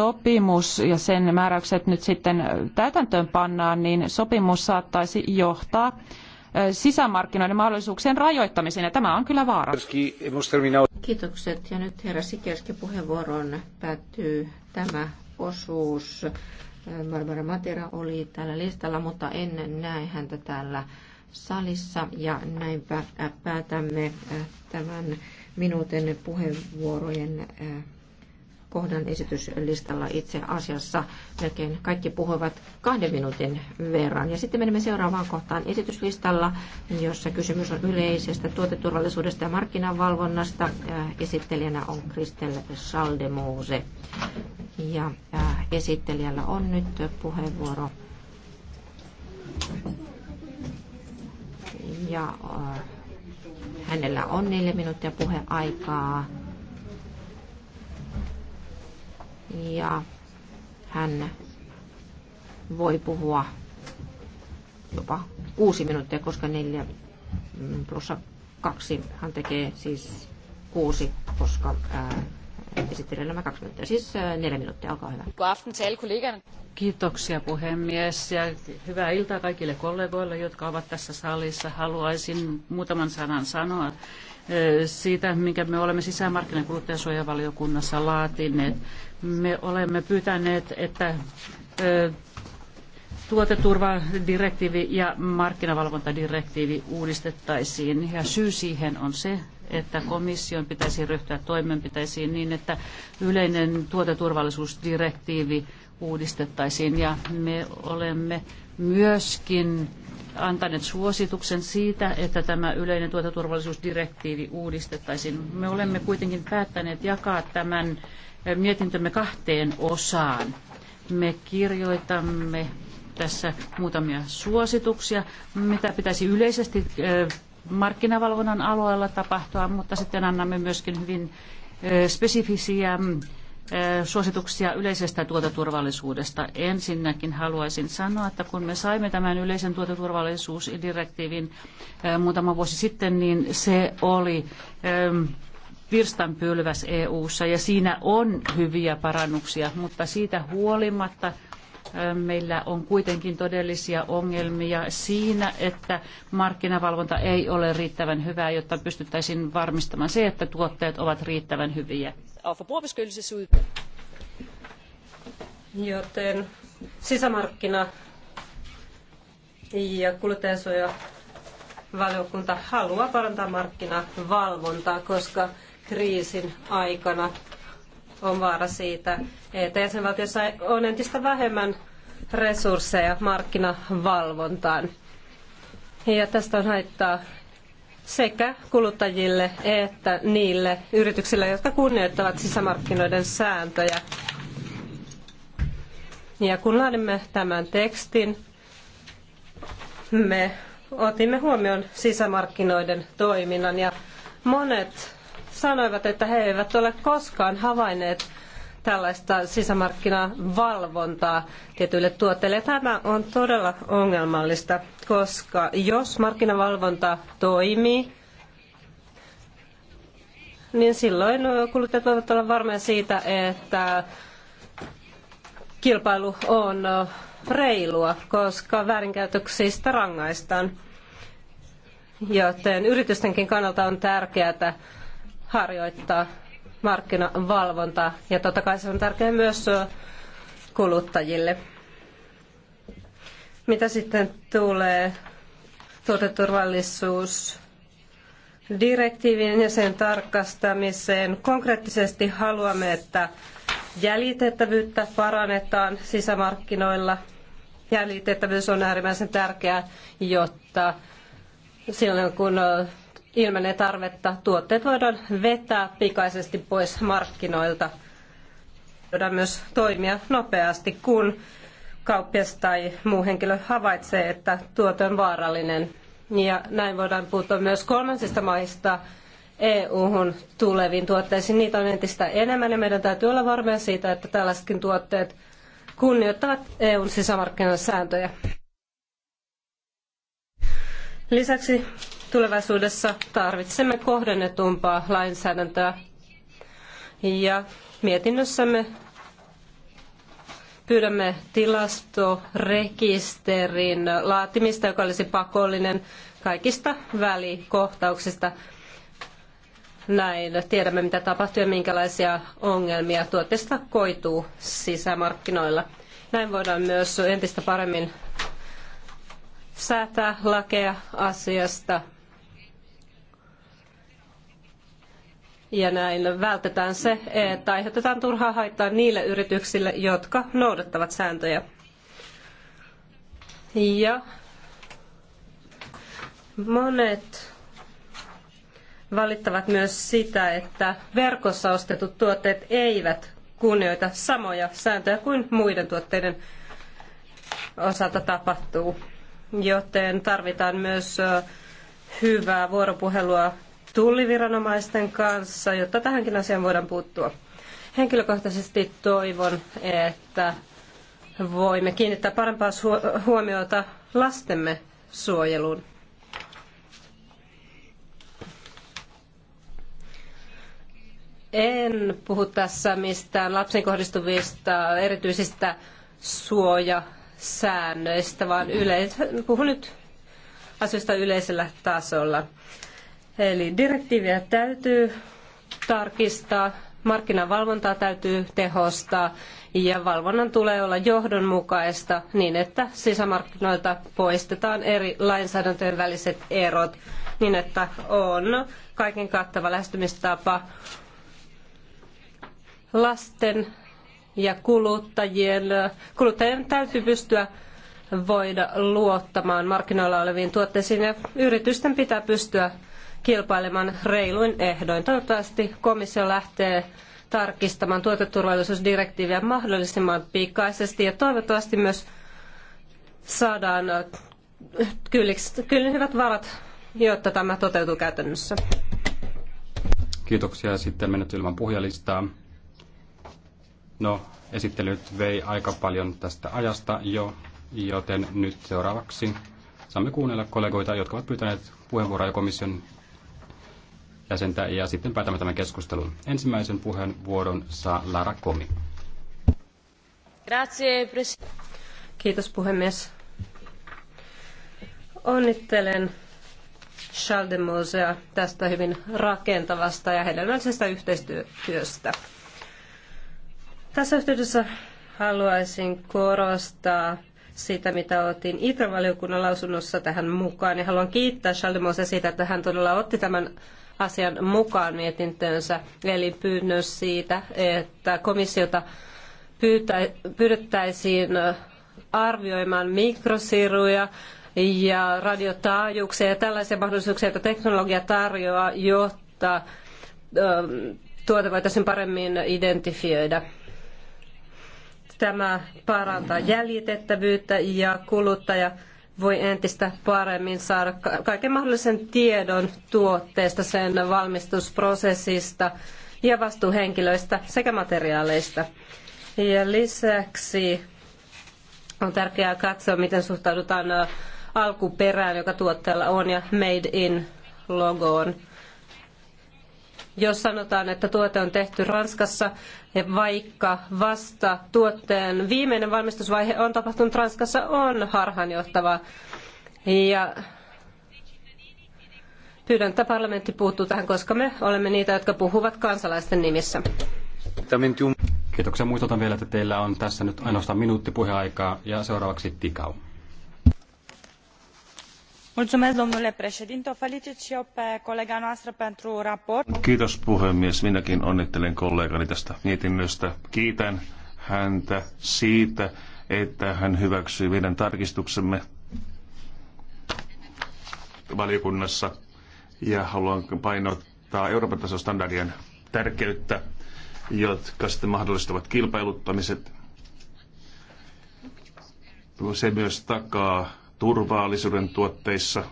sopimus ja sen määräykset nyt sitten täytäntöön pannaan, niin sopimus saattaisi johtaa sisämarkkinoiden mahdollisuuksien rajoittamiseen, ja tämä on kyllä vaara. Kiitokset, ja nyt herra Sikerski puheenvuoron päättyy tämä osuus. Barbara Matera oli täällä listalla, mutta en näe häntä täällä salissa, ja näinpä päätämme tämän minuutin puheenvuorojen kohdan esityslistalla itse asiassa melkein kaikki puhuivat kahden minuutin verran. Ja sitten menemme seuraavaan kohtaan esityslistalla, jossa kysymys on yleisestä tuoteturvallisuudesta ja markkinavalvonnasta. Äh, esittelijänä on Kristel Saldemose. Ja äh, esittelijällä on nyt puheenvuoro. Ja äh, hänellä on neljä minuuttia puheaikaa. ja hän voi puhua jopa kuusi minuuttia, koska neljä plussa kaksi hän tekee siis kuusi, koska ää, esittelen nämä kaksi minuuttia, siis neljä minuuttia, olkaa hyvä. Kiitoksia puhemies ja hyvää iltaa kaikille kollegoille, jotka ovat tässä salissa. Haluaisin muutaman sanan sanoa siitä, minkä me olemme sisämarkkinan kuluttajasuojavaliokunnassa laatineet me olemme pyytäneet, että tuoteturvadirektiivi ja markkinavalvontadirektiivi uudistettaisiin. Ja syy siihen on se, että komission pitäisi ryhtyä toimenpiteisiin niin, että yleinen tuoteturvallisuusdirektiivi uudistettaisiin. Ja me olemme myöskin antaneet suosituksen siitä, että tämä yleinen tuotaturvallisuusdirektiivi uudistettaisiin. Me olemme kuitenkin päättäneet jakaa tämän mietintömme kahteen osaan. Me kirjoitamme tässä muutamia suosituksia, mitä pitäisi yleisesti markkinavalvonnan alueella tapahtua, mutta sitten annamme myöskin hyvin spesifisiä suosituksia yleisestä tuotaturvallisuudesta. Ensinnäkin haluaisin sanoa, että kun me saimme tämän yleisen tuotaturvallisuusdirektiivin muutama vuosi sitten, niin se oli virstanpylväs EU-ssa ja siinä on hyviä parannuksia, mutta siitä huolimatta meillä on kuitenkin todellisia ongelmia siinä, että markkinavalvonta ei ole riittävän hyvää, jotta pystyttäisiin varmistamaan se, että tuotteet ovat riittävän hyviä. Joten sisämarkkina ja kuluttajansuoja valiokunta haluaa parantaa markkinavalvontaa, koska kriisin aikana on vaara siitä, että jäsenvaltiossa on entistä vähemmän resursseja markkinavalvontaan. Ja tästä on haittaa sekä kuluttajille että niille yrityksille, jotka kunnioittavat sisämarkkinoiden sääntöjä. Ja kun laadimme tämän tekstin, me otimme huomioon sisämarkkinoiden toiminnan ja monet sanoivat, että he eivät ole koskaan havainneet tällaista sisämarkkinavalvontaa tietyille tuotteille. Tämä on todella ongelmallista, koska jos markkinavalvonta toimii, niin silloin kuluttajat voivat olla varmoja siitä, että kilpailu on reilua, koska väärinkäytöksistä rangaistaan. Joten yritystenkin kannalta on tärkeää, harjoittaa markkinavalvontaa. Ja totta kai se on tärkeää myös kuluttajille. Mitä sitten tulee tuoteturvallisuusdirektiiviin direktiivin ja sen tarkastamiseen. Konkreettisesti haluamme, että jäljitettävyyttä parannetaan sisämarkkinoilla. Jäljitettävyys on äärimmäisen tärkeää, jotta silloin kun ilmenee tarvetta, tuotteet voidaan vetää pikaisesti pois markkinoilta. Voidaan myös toimia nopeasti, kun kauppias tai muu henkilö havaitsee, että tuote on vaarallinen. Ja näin voidaan puuttua myös kolmansista maista EU-hun tuleviin tuotteisiin. Niitä on entistä enemmän ja meidän täytyy olla varmoja siitä, että tällaisetkin tuotteet kunnioittavat EUn sisämarkkinoiden sääntöjä. Lisäksi Tulevaisuudessa tarvitsemme kohdennetumpaa lainsäädäntöä ja mietinnössämme pyydämme tilastorekisterin laatimista, joka olisi pakollinen kaikista välikohtauksista. Näin tiedämme, mitä tapahtuu ja minkälaisia ongelmia tuotteista koituu sisämarkkinoilla. Näin voidaan myös entistä paremmin säätää lakeja asiasta ja näin vältetään se, että aiheutetaan turhaa haittaa niille yrityksille, jotka noudattavat sääntöjä. Ja monet valittavat myös sitä, että verkossa ostetut tuotteet eivät kunnioita samoja sääntöjä kuin muiden tuotteiden osalta tapahtuu. Joten tarvitaan myös hyvää vuoropuhelua tulliviranomaisten kanssa, jotta tähänkin asiaan voidaan puuttua. Henkilökohtaisesti toivon, että voimme kiinnittää parempaa huomiota lastemme suojeluun. En puhu tässä mistään lapsiin kohdistuvista erityisistä suojasäännöistä, vaan yleis- puhun nyt asioista yleisellä tasolla. Eli direktiiviä täytyy tarkistaa, markkinavalvontaa täytyy tehostaa ja valvonnan tulee olla johdonmukaista niin, että sisämarkkinoilta poistetaan eri lainsäädäntöjen väliset erot niin, että on kaiken kattava lähestymistapa lasten ja kuluttajien. Kuluttajien täytyy pystyä voida luottamaan markkinoilla oleviin tuotteisiin ja yritysten pitää pystyä kilpailemaan reiluin ehdoin. Toivottavasti komissio lähtee tarkistamaan tuoteturvallisuusdirektiiviä mahdollisimman pikaisesti ja toivottavasti myös saadaan äh, kylliksi, hyvät varat, jotta tämä toteutuu käytännössä. Kiitoksia. Sitten menet ilman puhujalistaa. No, esittelyt vei aika paljon tästä ajasta jo, Joten nyt seuraavaksi saamme kuunnella kollegoita, jotka ovat pyytäneet puheenvuoroa ja komission jäsentä, ja sitten päätämme tämän keskustelun. Ensimmäisen puheenvuoron saa Lara Komi. Kiitos puhemies. Onnittelen Charles de Mosea tästä hyvin rakentavasta ja hedelmällisestä yhteistyöstä. Tässä yhteydessä haluaisin korostaa sitä, mitä otin Itävaliokunnan lausunnossa tähän mukaan. Ja haluan kiittää Schaldemosa siitä, että hän todella otti tämän asian mukaan mietintöönsä, eli pyynnön siitä, että komissiota pyydettäisiin arvioimaan mikrosiruja ja radiotaajuuksia ja tällaisia mahdollisuuksia, joita teknologia tarjoaa, jotta tuote voitaisiin paremmin identifioida. Tämä parantaa jäljitettävyyttä ja kuluttaja voi entistä paremmin saada kaiken mahdollisen tiedon tuotteesta, sen valmistusprosessista ja vastuuhenkilöistä sekä materiaaleista. Ja lisäksi on tärkeää katsoa, miten suhtaudutaan alkuperään, joka tuotteella on, ja Made in logoon jos sanotaan, että tuote on tehty Ranskassa, vaikka vasta tuotteen viimeinen valmistusvaihe on tapahtunut Ranskassa, on harhaanjohtavaa. Ja pyydän, että parlamentti puuttuu tähän, koska me olemme niitä, jotka puhuvat kansalaisten nimissä. Kiitoksia. Muistutan vielä, että teillä on tässä nyt ainoastaan minuutti puheaikaa ja seuraavaksi Tikau o felicit i eu pe colega noastră pentru raport. Kiitos puhemies. Minäkin onnittelen kollegani tästä mietinnöstä. Kiitän häntä siitä, että hän hyväksyi meidän tarkistuksemme valiokunnassa ja haluan painottaa Euroopan tason standardien tärkeyttä, jotka sitten mahdollistavat kilpailuttamiset. Se myös takaa turvallisuuden tuotteissa.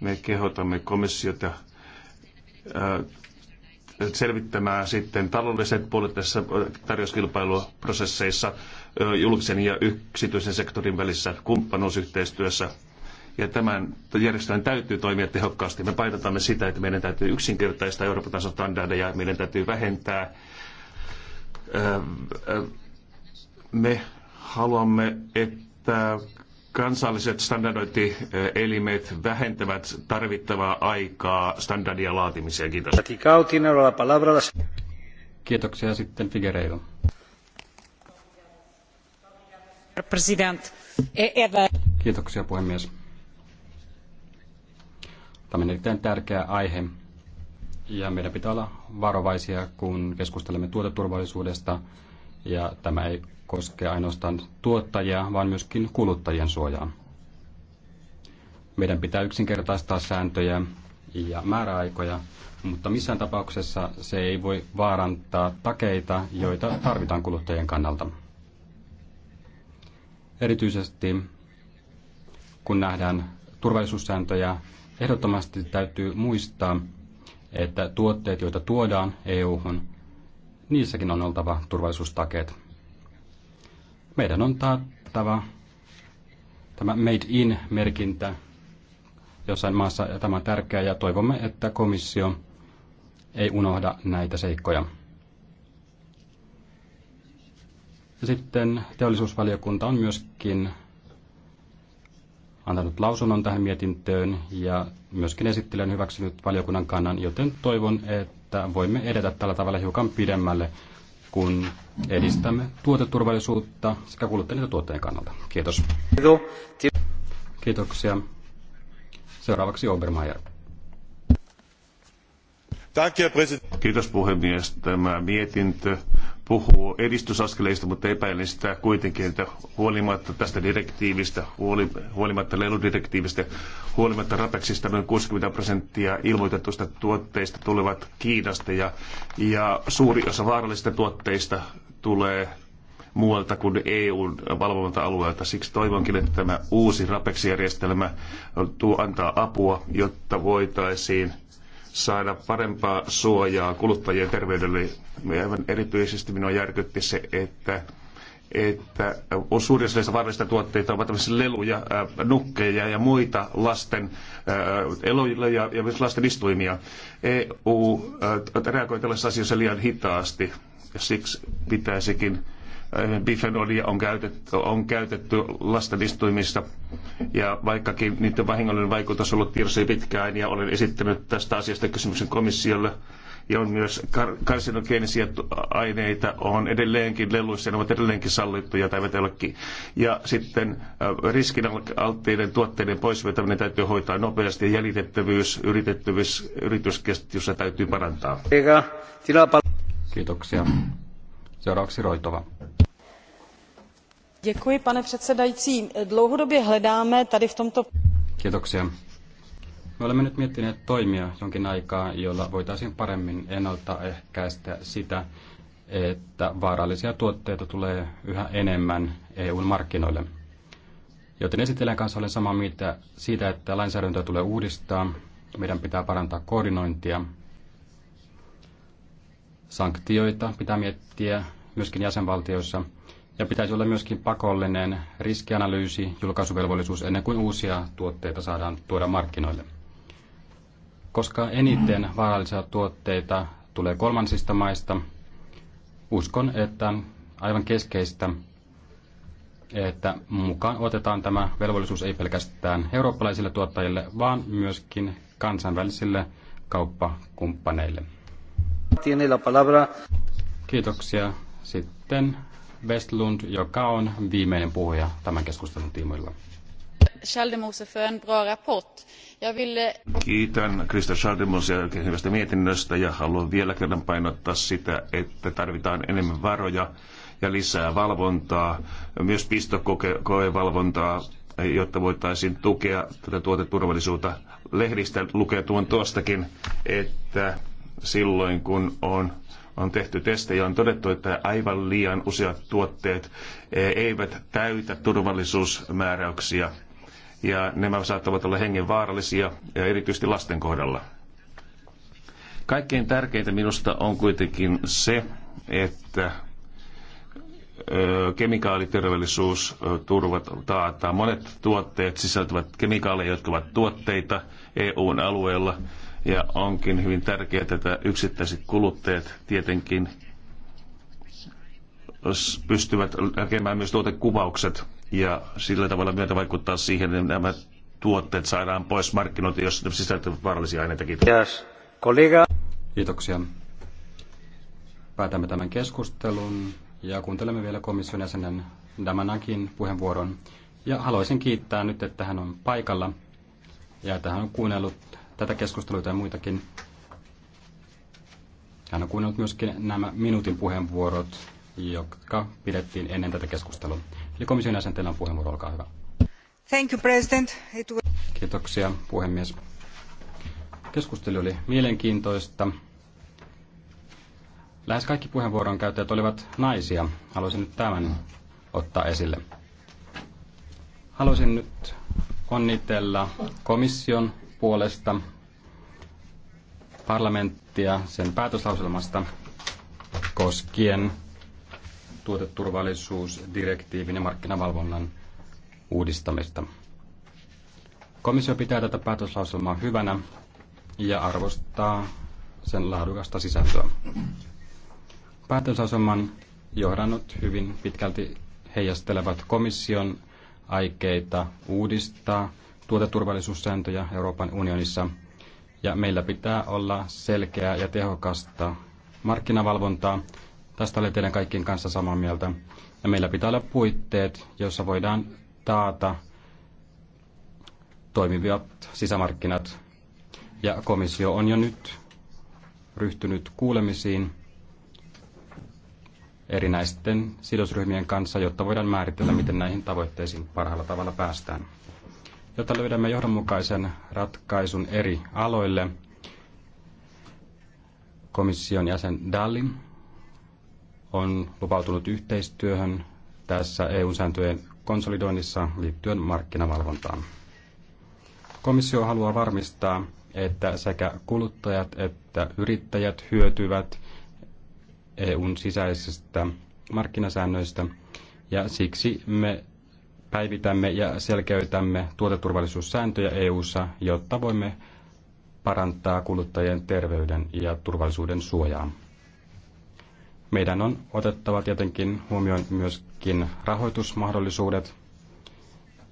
Me kehotamme komissiota äh, selvittämään sitten taloudelliset puolet tässä äh, tarjouskilpailuprosesseissa äh, julkisen ja yksityisen sektorin välissä kumppanuusyhteistyössä. Ja tämän järjestelmän täytyy toimia tehokkaasti. Me painotamme sitä, että meidän täytyy yksinkertaistaa Euroopan tason standardeja, meidän täytyy vähentää. Me haluamme, että Kansalliset standardointielimet vähentävät tarvittavaa aikaa standardia laatimiseen. Kiitos. Kiitoksia sitten Figueiredo. E- Kiitoksia puhemies. Tämä on erittäin tärkeä aihe ja meidän pitää olla varovaisia, kun keskustelemme tuoteturvallisuudesta, ja tämä ei koske ainoastaan tuottajia, vaan myöskin kuluttajien suojaa. Meidän pitää yksinkertaistaa sääntöjä ja määräaikoja, mutta missään tapauksessa se ei voi vaarantaa takeita, joita tarvitaan kuluttajien kannalta. Erityisesti kun nähdään turvallisuussääntöjä, ehdottomasti täytyy muistaa, että tuotteet, joita tuodaan EU-hun, niissäkin on oltava turvallisuustakeet. Meidän on taattava tämä Made in-merkintä jossain maassa, ja tämä on tärkeää, ja toivomme, että komissio ei unohda näitä seikkoja. Ja sitten teollisuusvaliokunta on myöskin antanut lausunnon tähän mietintöön ja myöskin esittelen hyväksynyt valiokunnan kannan, joten toivon, että että voimme edetä tällä tavalla hiukan pidemmälle, kun edistämme tuoteturvallisuutta sekä kuluttajien tuotteen kannalta. Kiitos. Kiitoksia. Seuraavaksi Obermeier. Kiitos puhemies. Tämä mietintö puhuu edistysaskeleista, mutta epäilen sitä kuitenkin, että huolimatta tästä direktiivistä, huoli, huolimatta leludirektiivistä, huolimatta rapeksista noin 60 prosenttia ilmoitetuista tuotteista tulevat Kiinasta ja, ja suuri osa vaarallisista tuotteista tulee muualta kuin EUn valvonta-alueelta. Siksi toivonkin, että tämä uusi RAPEX-järjestelmä antaa apua, jotta voitaisiin saada parempaa suojaa kuluttajien terveydelle. Aivan erityisesti minua järkytti se, että että suurin osa vaarallisista tuotteita ovat tämmöisiä leluja, nukkeja ja muita lasten elojille ja, ja myös lasten istuimia. EU reagoi tällaisissa asioissa liian hitaasti ja siksi pitäisikin bifenolia on käytetty, on käytetty lasten Ja vaikkakin niiden vahingollinen vaikutus on ollut tiedossa jo pitkään, ja olen esittänyt tästä asiasta kysymyksen komissiolle, ja on myös kar- karsinogeenisia aineita on edelleenkin leluissa, ja ne ovat edelleenkin sallittuja tai vetellekin. Ja sitten äh, riskinalttiiden tuotteiden poisvetäminen täytyy hoitaa nopeasti, ja jäljitettävyys, yritettävyys, yritysketjussa täytyy parantaa. Kiitoksia. Seuraavaksi Roitova Děkuji, pane předsedající. Dlouhodobě hledáme tady v tomto... Kiitoksia. Me olemme nyt miettineet toimia jonkin aikaa, jolla voitaisiin paremmin ennaltaehkäistä sitä, että vaarallisia tuotteita tulee yhä enemmän EUn markkinoille. Joten esittelen kanssa olen samaa mieltä siitä, että lainsäädäntöä tulee uudistaa, meidän pitää parantaa koordinointia, sanktioita pitää miettiä myöskin jäsenvaltioissa – ja pitäisi olla myöskin pakollinen riskianalyysi, julkaisuvelvollisuus ennen kuin uusia tuotteita saadaan tuoda markkinoille. Koska eniten vaarallisia tuotteita tulee kolmansista maista, uskon, että aivan keskeistä, että mukaan otetaan tämä velvollisuus ei pelkästään eurooppalaisille tuottajille, vaan myöskin kansainvälisille kauppakumppaneille. Tiene la palabra. Kiitoksia. Sitten Westlund, joka on viimeinen puhuja tämän keskustelun tiimoilla. Schaldemose för en bra rapport. Jag ville... Eh, Kiitän Krista Schaldemosia oikein hyvästä mietinnöstä ja haluan vielä kerran painottaa sitä, että tarvitaan enemmän varoja ja lisää valvontaa, myös pistokoevalvontaa, jotta voitaisiin tukea tätä tuoteturvallisuutta. Lehdistä lukee tuon tuostakin, että silloin kun on on tehty testejä, on todettu, että aivan liian useat tuotteet e, eivät täytä turvallisuusmääräyksiä ja nämä saattavat olla hengenvaarallisia ja erityisesti lasten kohdalla. Kaikkein tärkeintä minusta on kuitenkin se, että kemikaaliterveellisuusturvat taataan. Monet tuotteet sisältävät kemikaaleja, jotka ovat tuotteita EUn alueella, ja onkin hyvin tärkeää, että yksittäiset kuluttajat tietenkin pystyvät näkemään myös tuotekuvaukset ja sillä tavalla myötä vaikuttaa siihen, että nämä tuotteet saadaan pois markkinoilta, jos ne sisältävät vaarallisia aineita. Kiitos. Yes. Kollega. Kiitoksia. Päätämme tämän keskustelun ja kuuntelemme vielä komission jäsenen Damanakin puheenvuoron. Ja haluaisin kiittää nyt, että hän on paikalla ja että hän on kuunnellut tätä keskustelua ja muitakin. Hän on kuunnellut myöskin nämä minuutin puheenvuorot, jotka pidettiin ennen tätä keskustelua. Eli komission jäsen, teillä on puheenvuoro, olkaa hyvä. Thank you, President. It was... Kiitoksia, puhemies. Keskustelu oli mielenkiintoista. Lähes kaikki puheenvuoron käyttäjät olivat naisia. Haluaisin nyt tämän ottaa esille. Haluaisin nyt onnitella komission puolesta parlamenttia sen päätöslauselmasta koskien tuoteturvallisuusdirektiivin ja markkinavalvonnan uudistamista. Komissio pitää tätä päätöslauselmaa hyvänä ja arvostaa sen laadukasta sisältöä. Päätösaseman johdannut hyvin pitkälti heijastelevat komission aikeita uudistaa tuoteturvallisuussääntöjä Euroopan unionissa, ja meillä pitää olla selkeää ja tehokasta markkinavalvontaa. Tästä olen teidän kaikkien kanssa samaa mieltä. Ja meillä pitää olla puitteet, joissa voidaan taata toimivat sisämarkkinat. Ja komissio on jo nyt ryhtynyt kuulemisiin erinäisten sidosryhmien kanssa, jotta voidaan määritellä, miten näihin tavoitteisiin parhaalla tavalla päästään jotta löydämme johdonmukaisen ratkaisun eri aloille. Komission jäsen Dallin on lupautunut yhteistyöhön tässä EU-sääntöjen konsolidoinnissa liittyen markkinavalvontaan. Komissio haluaa varmistaa, että sekä kuluttajat että yrittäjät hyötyvät EUn sisäisistä markkinasäännöistä, ja siksi me päivitämme ja selkeytämme tuoteturvallisuussääntöjä EU:ssa, jotta voimme parantaa kuluttajien terveyden ja turvallisuuden suojaa. Meidän on otettava tietenkin huomioon myöskin rahoitusmahdollisuudet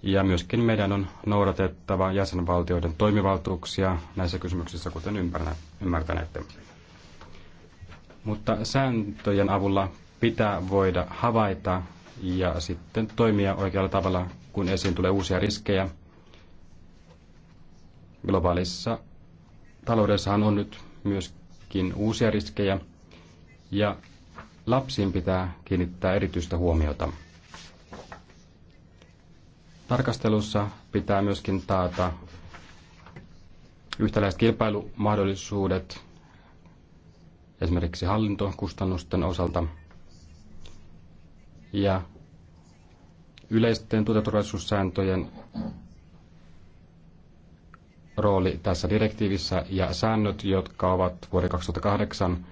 ja myöskin meidän on noudatettava jäsenvaltioiden toimivaltuuksia näissä kysymyksissä, kuten ymmärtäneette. Mutta sääntöjen avulla pitää voida havaita ja sitten toimia oikealla tavalla, kun esiin tulee uusia riskejä. Globaalissa taloudessahan on nyt myöskin uusia riskejä ja lapsiin pitää kiinnittää erityistä huomiota. Tarkastelussa pitää myöskin taata yhtäläiset kilpailumahdollisuudet esimerkiksi hallintokustannusten osalta – ja yleisten tuoteturvallisuussääntöjen rooli tässä direktiivissä ja säännöt, jotka ovat vuoden 2008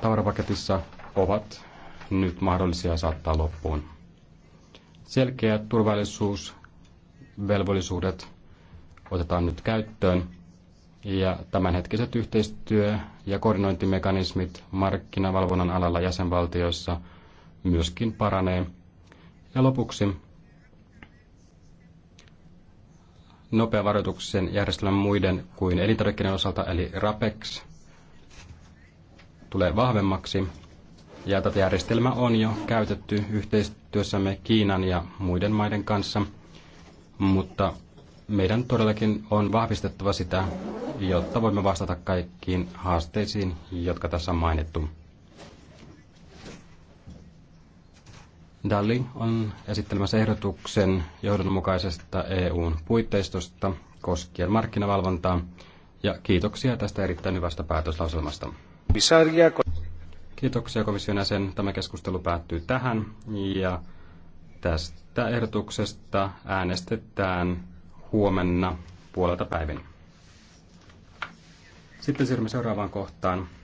tavarapaketissa, ovat nyt mahdollisia saattaa loppuun. Selkeät turvallisuusvelvollisuudet otetaan nyt käyttöön ja tämänhetkiset yhteistyö- ja koordinointimekanismit markkinavalvonnan alalla jäsenvaltioissa – myöskin paranee. Ja lopuksi nopea varoituksen järjestelmän muiden kuin elintarvikkeiden osalta, eli RAPEX, tulee vahvemmaksi. Ja tätä järjestelmää on jo käytetty yhteistyössämme Kiinan ja muiden maiden kanssa, mutta meidän todellakin on vahvistettava sitä, jotta voimme vastata kaikkiin haasteisiin, jotka tässä on mainittu. Dali on esittelemässä ehdotuksen johdonmukaisesta EUn puitteistosta koskien markkinavalvontaa, ja kiitoksia tästä erittäin hyvästä päätöslauselmasta. Kiitoksia komission jäsen. Tämä keskustelu päättyy tähän, ja tästä ehdotuksesta äänestetään huomenna puolelta päivin. Sitten siirrymme seuraavaan kohtaan.